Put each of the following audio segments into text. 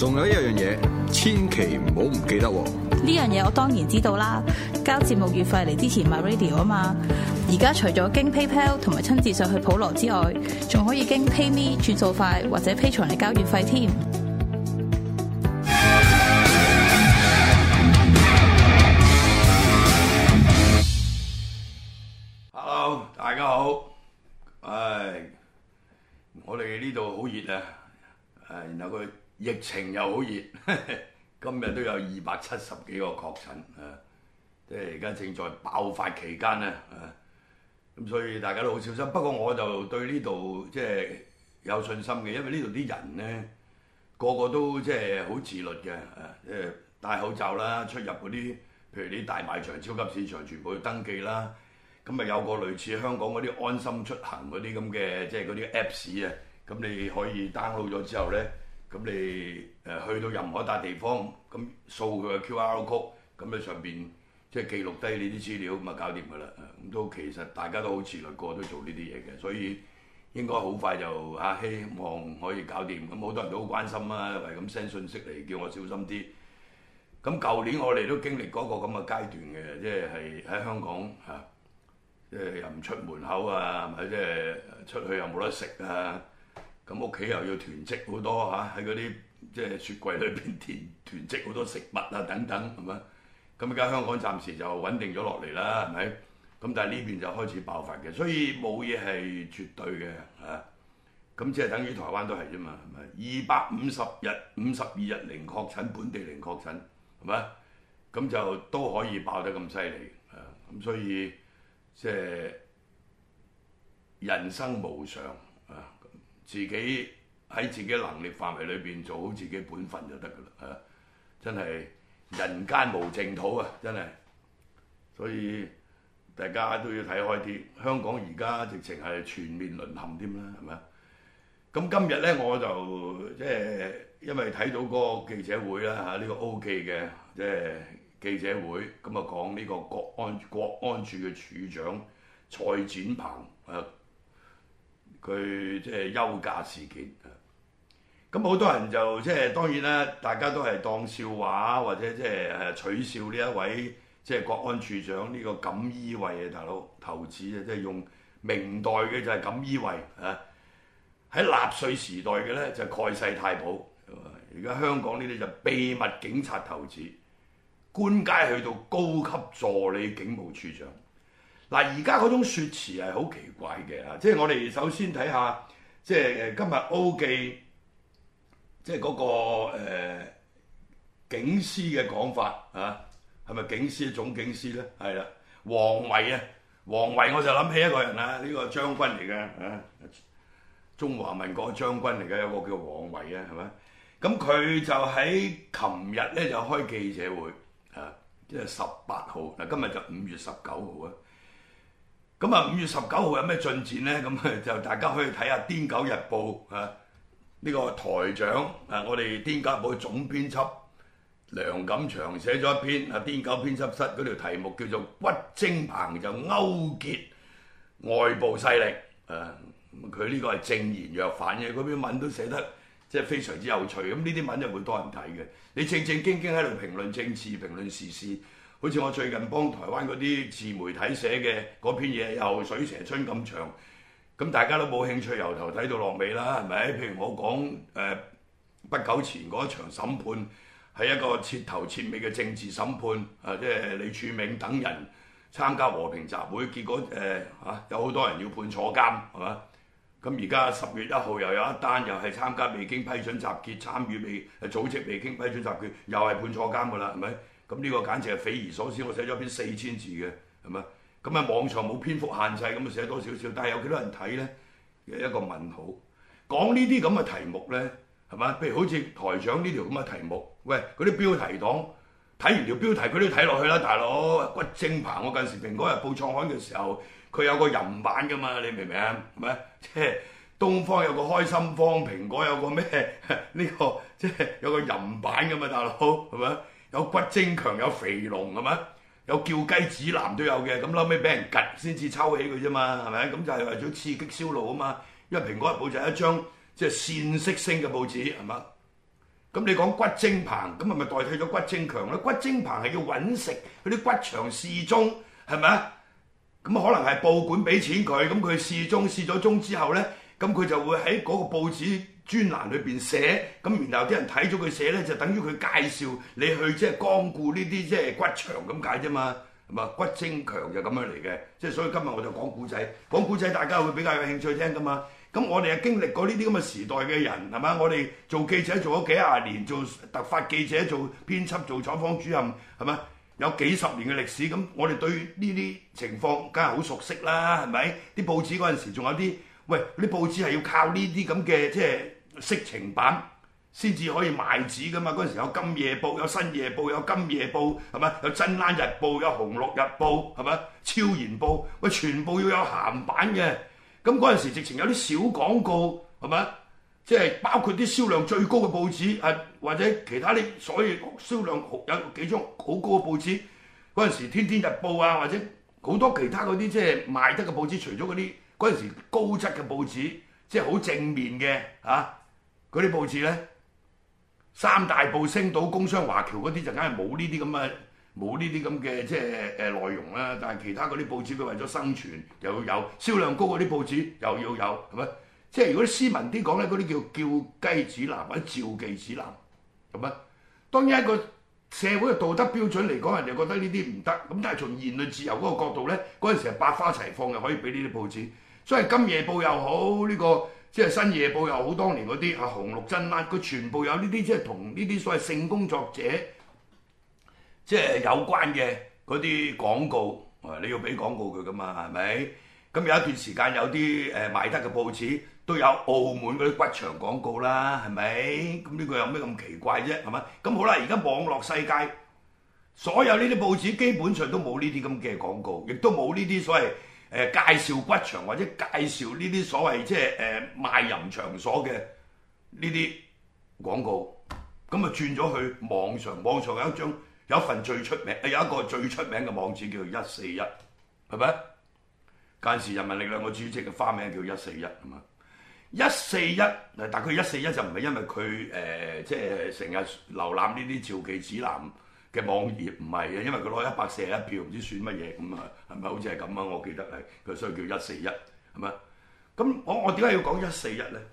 仲有一樣嘢，千祈唔好唔記得喎！呢樣嘢我當然知道啦，交節目月費嚟之前買 radio 啊嘛。而家除咗經 PayPal 同埋親自上去普羅之外，仲可以經 PayMe 轉數快或者 Pay 財嚟交月費添。Hello，大家好，唉，我哋呢度好熱啊，誒，然後佢。疫情又好熱， 今日都有二百七十幾個確診，誒、啊，即係而家正在爆發期間咧，咁、啊、所以大家都好小心。不過我就對呢度即係有信心嘅，因為呢度啲人呢個個都即係好自律嘅，誒、啊，即係戴口罩啦，出入嗰啲譬如啲大賣場、超級市場，全部要登記啦。咁咪有個類似香港嗰啲安心出行嗰啲咁嘅即係嗰啲 Apps 啊，咁、即係、你可以 download 咗之後呢。咁你誒去到任何一笪地方，咁掃佢嘅 QR code，咁咧上邊即係記錄低你啲資料，咁啊搞掂噶啦。咁都其實大家都好自律過，都做呢啲嘢嘅，所以應該好快就嚇希望可以搞掂。咁好多人都好關心啊，係咁 send 信息嚟叫我小心啲。咁舊年我哋都經歷嗰個咁嘅階段嘅，即係喺香港嚇，即係又唔出門口啊，咪即係出去又冇得食啊。咁屋企又要囤積好多吓，喺嗰啲即係雪櫃裏邊囤囤積好多食物啊等等，係咪？咁而家香港暫時就穩定咗落嚟啦，係咪？咁但係呢邊就開始爆發嘅，所以冇嘢係絕對嘅吓。咁即係等於台灣都係啫嘛，係咪？二百五十日、五十二日零確診、本地零確診，係咪？咁就都可以爆得咁犀利啊！咁所以即係、就是、人生無常。自己喺自己能力範圍裏邊做好自己本分就得噶啦，嚇、啊！真係人間無淨土啊，真係，所以大家都要睇開啲。香港而家直情係全面淪陷添啦，係咪啊？咁今日咧，我就即係因為睇到嗰個記者會啦，嚇、這、呢個 o 記嘅即係記者會，咁啊講呢個國安國安處嘅處長蔡展鵬。啊。佢即係休假事件啊！咁好多人就即係當然啦，大家都係當笑話或者即係取笑呢一位即係國安處長呢個錦衣衛嘅大佬頭子啊！即係用明代嘅就係錦衣衛啊，喺納粹時代嘅咧就蓋世太保，而家香港呢啲就秘密警察頭子，官階，去到高級助理警務處長。嗱，而家嗰種説辭係好奇怪嘅嚇，即係我哋首先睇下，即係今日 O 記，即係嗰個呃警司嘅講法嚇，係咪警司總警司咧？係啦，王維啊，王維我就諗起一個人啦，呢個將軍嚟嘅嚇，中華民國將軍嚟嘅，有個叫王維啊，係咪？咁佢就喺琴日咧就開記者會嚇，即係十八號，嗱今日就五月十九號啊。就是咁啊，五月十九號有咩進展呢？咁啊，就大家可以睇下《癲狗日報》啊，呢個台長啊，我哋《癲狗日報》嘅總編輯梁錦祥,錦祥,錦祥寫咗一篇啊，《癲狗編輯室》嗰條題目叫做《屈精鵬就勾結外部勢力》啊，佢 呢個係正言若反嘅，佢篇文都寫得即係非常之有趣。咁呢啲文就會多人睇嘅，你正正經經喺度評論政治、評論時事。好似我最近幫台灣嗰啲自媒體寫嘅嗰篇嘢，又水蛇春咁長，咁大家都冇興趣由頭睇到落尾啦，係咪？譬如我講誒，不、呃、久前嗰一場審判係一個徹頭徹尾嘅政治審判，啊，即係李柱銘等人參加和平集會，結果誒嚇、呃啊、有好多人要判坐監，係咪？咁而家十月一號又有一單，又係參加未經批准集結，參與未組織未經批准集結，又係判坐監㗎啦，係咪？咁呢個簡直係匪夷所思，我寫咗篇四千字嘅，係嘛？咁啊網上冇篇幅限制，咁啊寫多少少，但係有幾多人睇咧？有一個問號，講呢啲咁嘅題目咧，係嘛？譬如好似台長呢條咁嘅題目，喂嗰啲標題黨睇完條標題，佢都睇落去啦，大佬骨精棚、啊。我近時蘋果日報創刊嘅時候，佢有個人版噶嘛，你明唔明啊？係咪即係東方有個開心方，蘋果有個咩呢、這個即係有個人版噶嘛，大佬係咪？有骨精強，有肥龍係嘛？有叫雞指南都有嘅，咁後屘俾人吉先至抽起佢啫嘛，係咪？咁就係為咗刺激銷路啊嘛。因為《蘋果日報》就係一張即係煽色腥嘅報紙係嘛。咁你講骨精鵬咁係咪代替咗骨精強咧？骨精鵬係要揾食，佢啲骨場試鐘係咪啊？咁可能係報館俾錢佢，咁佢試鐘試咗中之後咧，咁佢就會喺嗰個報紙。專欄裏邊寫咁，然後啲人睇咗佢寫咧，就等於佢介紹你去即係光顧呢啲即係骨場咁解啫嘛，咁啊骨精強就咁樣嚟嘅，即係所以今日我就講古仔，講古仔大家會比較有興趣聽噶嘛。咁我哋係經歷過呢啲咁嘅時代嘅人，係嘛？我哋做記者做咗幾廿年，做特發記者、做編輯、做採訪主任，係咪有幾十年嘅歷史？咁我哋對呢啲情況梗係好熟悉啦，係咪？啲報紙嗰陣時仲有啲。喂，啲報紙係要靠呢啲咁嘅即係色情版先至可以賣紙噶嘛？嗰陣時有《今夜報》、有《新夜報》、有《今夜報》，係咪？有《真欄日報》、有《紅綠日報》，係咪？《超然報》，喂，全部要有鹹版嘅。咁嗰陣時直情有啲小廣告，係咪？即係包括啲銷量最高嘅報紙，係或者其他啲，所以銷量有幾張好高嘅報紙。嗰陣時《天天日報》啊，或者好多其他嗰啲即係賣得嘅報紙，除咗嗰啲。嗰陣時高質嘅報紙，即係好正面嘅嚇，嗰、啊、啲報紙咧，三大報升到工商、華僑嗰啲就梗係冇呢啲咁嘅，冇呢啲咁嘅即係誒內容啦。但係其他嗰啲報紙佢為咗生存，又有銷量高嗰啲報紙又要有，係咪？即係如果斯文啲講咧，嗰啲叫叫雞指南或者照鏡指南，係咪？當然一個社會嘅道德標準嚟講，人哋覺得呢啲唔得。咁但係從言論自由嗰個角度咧，嗰陣時百花齊放嘅，可以俾呢啲報紙。所以《今夜報》又好，呢個即係《新夜報》又好，當年嗰啲紅綠真啦，佢全部有呢啲即係同呢啲所謂性工作者即係有關嘅嗰啲廣告，你要俾廣告佢㗎嘛？係咪？咁有一段時間有啲誒賣得嘅報紙都有澳門嗰啲骨場廣告啦，係咪？咁呢個有咩咁奇怪啫？係咪？咁好喇，而家網絡世界所有呢啲報紙基本上都冇呢啲咁嘅廣告，亦都冇呢啲所謂。誒介紹骨場或者介紹呢啲所謂即係誒賣淫場所嘅呢啲廣告，咁啊轉咗去網上，網上有一張有一份最出名，有一個最出名嘅網址叫一四一，係咪？嗰陣時人民力量個主席嘅花名叫一四一，係嘛？一四一嗱，但係佢一四一就唔係因為佢誒、呃、即係成日瀏覽呢啲召妓指南。嘅網頁唔係嘅，因為佢攞一百四十一票，唔知算乜嘢咁啊，係咪好似係咁啊？我記得係佢所以叫一四一，係咪？咁我我點解要講一四一咧？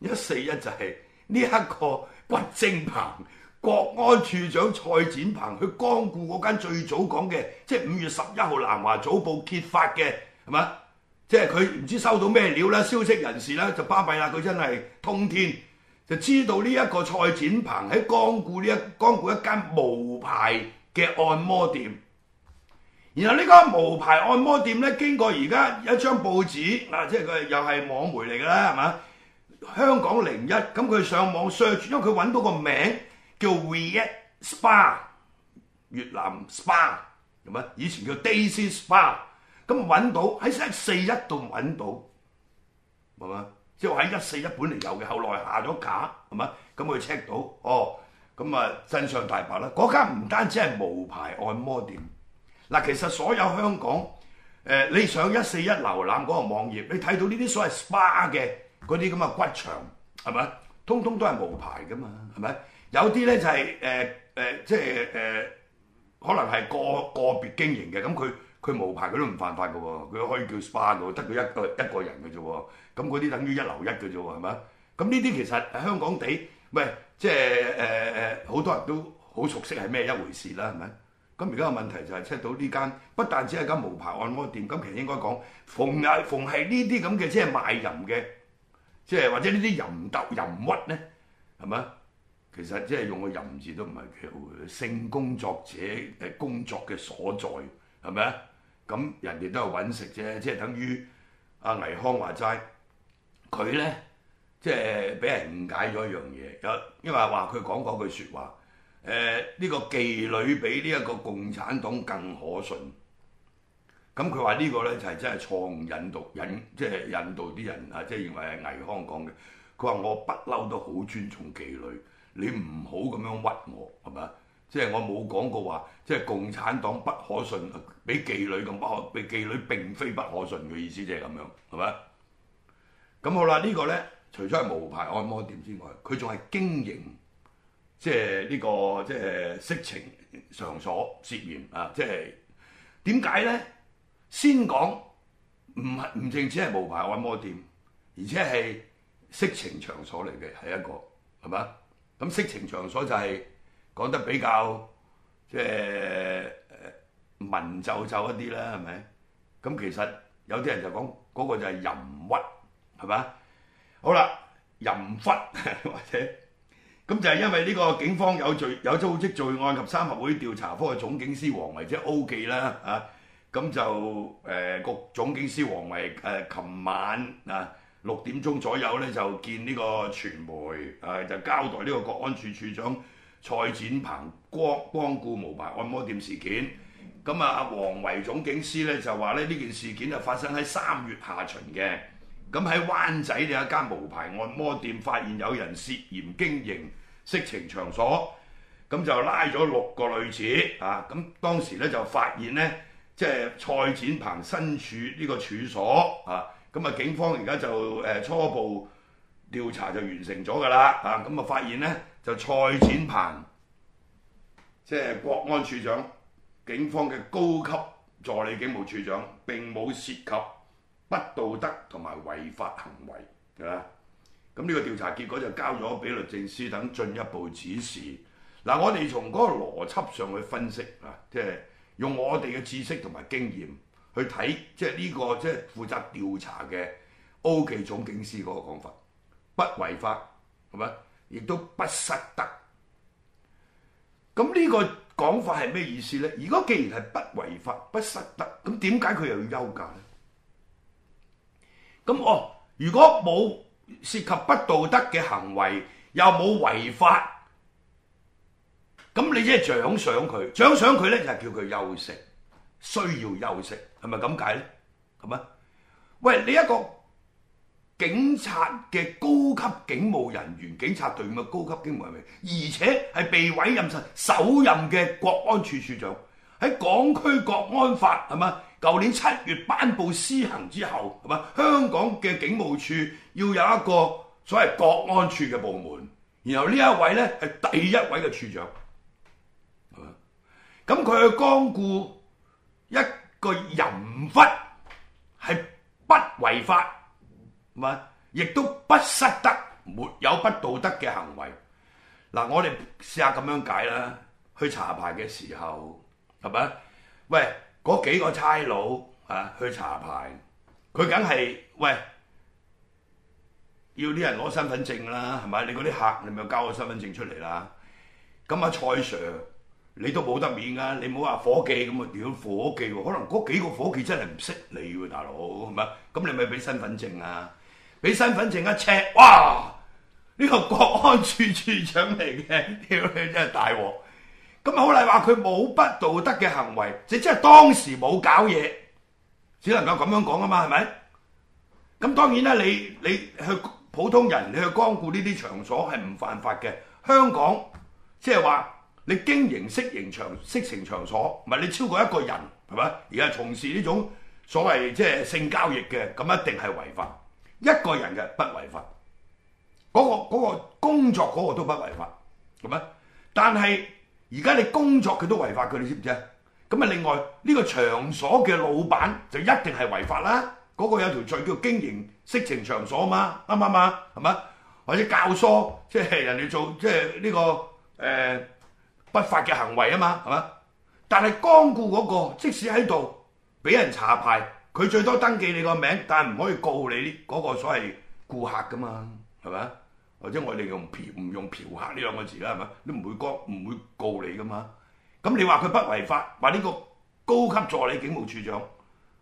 一四一就係呢一個骨精鵬、國安處長蔡展鵬去光顧嗰間最早講嘅，即係五月十一號南華早報揭發嘅，係咪？即係佢唔知收到咩料啦，消息人士啦，就巴閉啦，佢真係通天。就知道呢一個蔡展鵬喺光顧呢一光顧一間無牌嘅按摩店，然後呢間無牌按摩店咧，經過而家一張報紙啊，即係佢又係網媒嚟㗎啦，係嘛？香港零一，咁佢上網 search，因為佢揾到個名叫 Viet Spa，越南 Spa，係咪？以前叫 Daisy Spa，咁揾到喺 Sex 一四一度揾到，係嘛？即係喺一四一本嚟有嘅，後來下咗架，係咪？咁佢 check 到，哦，咁啊真相大白啦。嗰間唔單止係無牌按摩店，嗱、啊，其實所有香港誒、呃，你上一四一瀏覽嗰個網頁，你睇到呢啲所謂 SPA 嘅嗰啲咁嘅骨場，係咪？通通都係無牌㗎嘛，係咪？有啲咧就係誒誒，即係誒、呃，可能係個個別經營嘅，咁佢。佢無牌佢都唔犯法噶喎，佢可以叫 SPA 喎，得佢一個一個人嘅啫喎。咁嗰啲等於一流一嘅啫喎，係咪啊？咁呢啲其實香港地，喂，即係誒誒好多人都好熟悉係咩一回事啦，係咪？咁而家個問題就係、是、出到呢間，不但只係間無牌按摩店，其實應該講，逢啊逢係呢啲咁嘅即係賣淫嘅，即係或者鬥鬥呢啲淫竇淫窟咧，係咪？其實即係用個淫字都唔係幾好，性工作者誒工作嘅所在係咪啊？咁人哋都係揾食啫，即係等於阿倪匡話齋，佢咧即係俾人誤解咗一樣嘢。有因為話佢講嗰句説話，誒，呃，呢個妓女比呢一個共產黨更可信。咁佢話呢個咧就係真係錯誤引導引，即係引導啲人啊，即係認為係倪匡講嘅。佢話我不嬲都好尊重妓女，你唔好咁樣屈我，係咪啊？即係我冇講過話，即係共產黨不可信，俾妓女咁不可，俾妓女並非不可信嘅意思，即係咁樣，係咪？咁好啦，這個、呢個咧，除咗係無牌按摩店之外，佢仲係經營即係呢、這個即係色情場所涉嫌啊！即係點解咧？先講唔係唔淨止係無牌按摩店，而且係色情場所嚟嘅，係一個係咪啊？咁色情場所就係、是。講得比較即係、呃、文縐縐一啲啦，係咪？咁其實有啲人就講嗰、嗰個就係淫窟，係咪？好啦，淫窟 或者咁就係因為呢個警方有罪有組織罪案及三合會調查科嘅總警司王維，即係 O 記啦啊！咁就誒個、呃、總警司王維誒，琴、啊、晚啊六點鐘左右咧就見呢個傳媒啊，就交代呢個國安處處長。蔡展鵬、光光顧無牌按摩店事件，咁啊，黃維總警司咧就話咧呢件事件就發生喺三月下旬嘅，咁喺灣仔有一間無牌按摩店發現有人涉嫌經營色情場所，咁就拉咗六個女子啊，咁當時咧就發現咧即係蔡展鵬身處呢個處所啊，咁啊警方而家就誒、呃、初步。調查就完成咗㗎啦啊！咁、嗯、啊，發現咧就蔡展鵬，即、就、係、是、國安處長、警方嘅高級助理警務處長並冇涉及不道德同埋違法行為啊！咁呢、嗯，這個調查結果就交咗俾律政司等進一步指示嗱、啊。我哋從嗰個邏輯上去分析啊，即係用我哋嘅知識同埋經驗去睇，即係呢個即係、就是、負責調查嘅 O 記總警司嗰個講法。不違法係咪？亦都不失德。咁呢個講法係咩意思咧？如果既然係不違法、不失德，咁點解佢又要休假咧？咁哦，如果冇涉及不道德嘅行為，又冇違法，咁你即係獎賞佢，獎賞佢咧就係叫佢休息，需要休息係咪咁解咧？係咪？喂，你一個。警察嘅高級警務人員、警察隊伍嘅高級警務人員，而且係被委任成首任嘅國安處處長。喺港區國安法係嘛？舊年七月頒布施行之後，係嘛？香港嘅警務處要有一個所謂國安處嘅部門。然後呢一位咧係第一位嘅處長，係嘛？咁佢去光顧一個淫窟係不違法？亦都不失德，沒有不道德嘅行為。嗱，我哋試下咁樣解啦。去查牌嘅時候，係咪？喂，嗰幾個差佬啊，去查牌，佢梗係喂要啲人攞身份證啦，係咪？你嗰啲客，你咪交個身份證出嚟啦。咁啊，蔡 sir，你都冇得免㗎，你唔好話夥計咁啊！屌伙計，可能嗰幾個夥計真係唔識你喎，大佬，係咪？咁你咪俾身份證啊！俾身份證一 check，哇！呢個國安處處長嚟嘅，屌你真係大鑊！咁好例如話佢冇不道德嘅行為，即係當時冇搞嘢，只能夠咁樣講啊嘛，係咪？咁當然啦，你你去普通人，你去光顧呢啲場所係唔犯法嘅。香港即係話你經營色情場色情場所，唔係你超過一個人係咪？而係從事呢種所謂即係性交易嘅，咁一定係違法。一個人嘅不違法，嗰、嗰個工作嗰個都不違法，係咪？但係而家你工作佢都違法佢你知唔知啊？咁啊，另外呢、呢個場所嘅老闆就一定係違法啦。嗰、嗰個有條罪叫經營色情場所嘛，啱唔啱啊？係咪？或者教唆即係、即係、人哋做即係呢個誒、呃、不法嘅行為啊嘛，係咪？但係光顧嗰個即使喺度俾人查牌。佢最多登記你個名，但係唔可以告你啲嗰個所謂顧客噶嘛，係咪？或者我哋用嫖唔用嫖客呢兩個字啦，係咪？你唔會講，唔會告你噶嘛。咁你話佢不違法，話呢個高級助理警務處長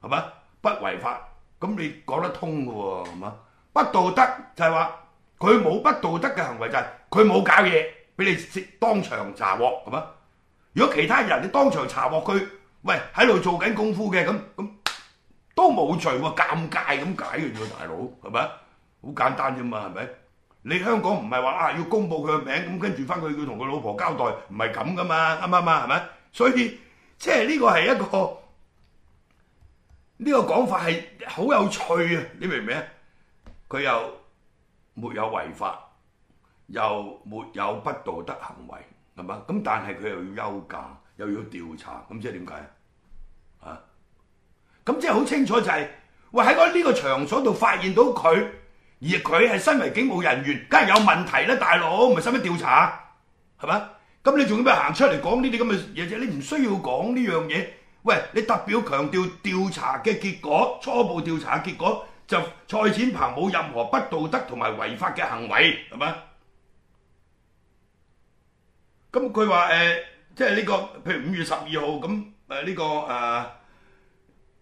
係咪不違法？咁你講得通嘅喎，係嘛？不道德就係話佢冇不道德嘅行為，就係佢冇搞嘢俾你當場查獲，係嘛？如果其他人你當場查獲佢，喂喺度做緊功夫嘅咁咁。都冇罪喎，尷尬咁解嘅啫，大佬，係咪？好簡單啫嘛，係咪？你香港唔係話啦，要公佈佢嘅名，咁跟住翻去佢同佢老婆交代，唔係咁噶嘛，啱唔啱啊？係咪？所以即係呢個係一個呢個講法係好有趣啊！你明唔明啊？佢又沒有違法，又沒有不道德行為，係嘛？咁但係佢又要休假，又要調查，咁即係點解啊？咁即係好清楚就係，喂，喺嗰呢個場所度發現到佢，而佢係身為警務人員，梗係有問題啦，大佬，咪使乜調查啊？係嘛？咁你仲要咩行出嚟講呢啲咁嘅嘢啫？你唔需要講呢樣嘢。喂，你特別要強調調查嘅結果，初步調查嘅結果就蔡展鵬冇任何不道德同埋違法嘅行為，係嘛？咁佢話誒，即係呢個譬如五月十二號咁誒呢個誒。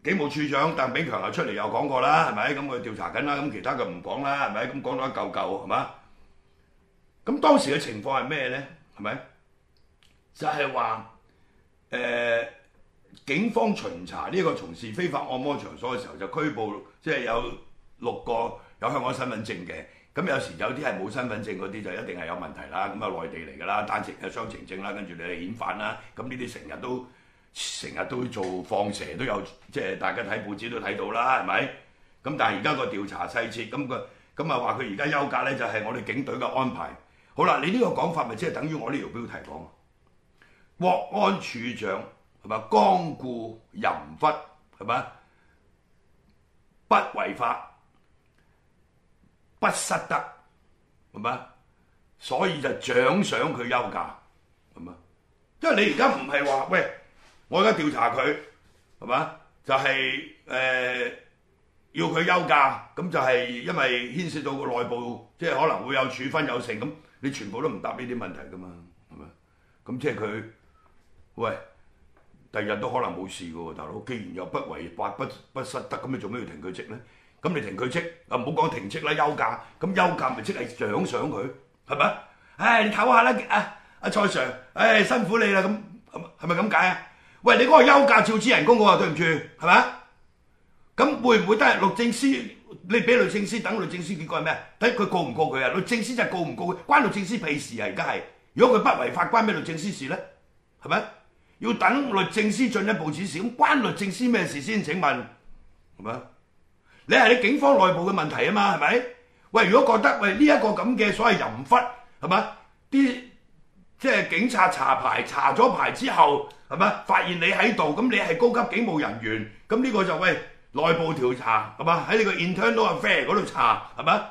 警務處長鄧炳強又出嚟又講過啦，係咪？咁佢調查緊啦，咁其他就唔講啦，係咪？咁講到一嚿嚿，係嘛？咁當時嘅情況係咩咧？係咪？就係話，誒，警方巡查呢個從事非法按摩場所嘅時候，就拘捕，即係有六個有香港身份證嘅。咁有時有啲係冇身份證嗰啲，就一定係有問題啦。咁啊，內地嚟噶啦，單程嘅雙程證啦，跟住你係遣返啦。咁呢啲成日都。成日都做放蛇都有，即係大家睇報紙都睇到啦，係咪？咁但係而家個調查細節，咁佢咁啊話佢而家休假咧就係我哋警隊嘅安排。好啦，你呢個講法咪即係等於我呢條標題講，國安處長係咪？光顧淫窟係咪？不違法不失德係嘛？所以就獎賞佢休假係嘛？因為你而家唔係話喂，我而家調查佢係嘛？就係、是、誒、呃、要佢休假，咁就係因為牽涉到個內部，即、就、係、是、可能會有處分有成。咁，你全部都唔答呢啲問題噶嘛？係咪？咁即係佢喂，第二日都可能冇事喎，大佬。既然又不違法不不失德，咁你做咩要停佢職咧？咁你停佢職啊？唔好講停職啦，休假咁休假咪即係獎賞佢係咪？唉，你唞下啦，阿、啊、阿蔡 Sir，唉、哎、辛苦你啦咁，係咪咁解啊？是。喂，你嗰個休假照支人工嘅喎，對唔住，係咪啊？咁會唔會都係律政司？你俾律政司等律政司結果係咩？睇佢告唔告佢啊？律政司就係告唔告佢，關律政司屁事啊！而家係，如果佢不違法，關咩律政司事咧？係咪？要等律政司進一步指示，關律政司咩事先？請問係咪？你係你警方內部嘅問題啊嘛？係咪？喂，如果覺得喂呢一個咁嘅所謂淫窟係咪？啲即係警察查牌，查咗牌之後，係咪發現你喺度？咁你係高級警務人員，咁呢個就係內部調查，係咪喺你個 internal affair 嗰度查，係咪？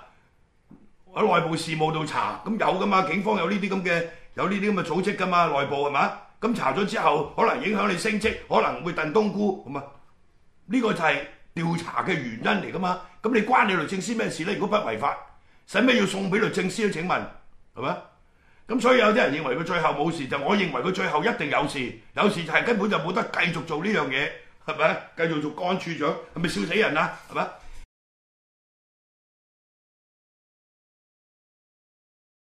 喺內部事務度查，咁有噶嘛？警方有呢啲咁嘅有呢啲咁嘅組織噶嘛？內部係咪？咁查咗之後，可能影響你升職，可能會燉冬菇，咁啊？呢個就係調查嘅原因嚟噶嘛？咁你關你律政司咩事咧？如果不違法，使咩要送俾律政司？請問係咪？咁所以有啲人認為佢最後冇事，就是、我認為佢最後一定有事，有事就係根本就冇得繼續做呢樣嘢，係咪？繼續做國安處長係咪笑死人啊？係咪？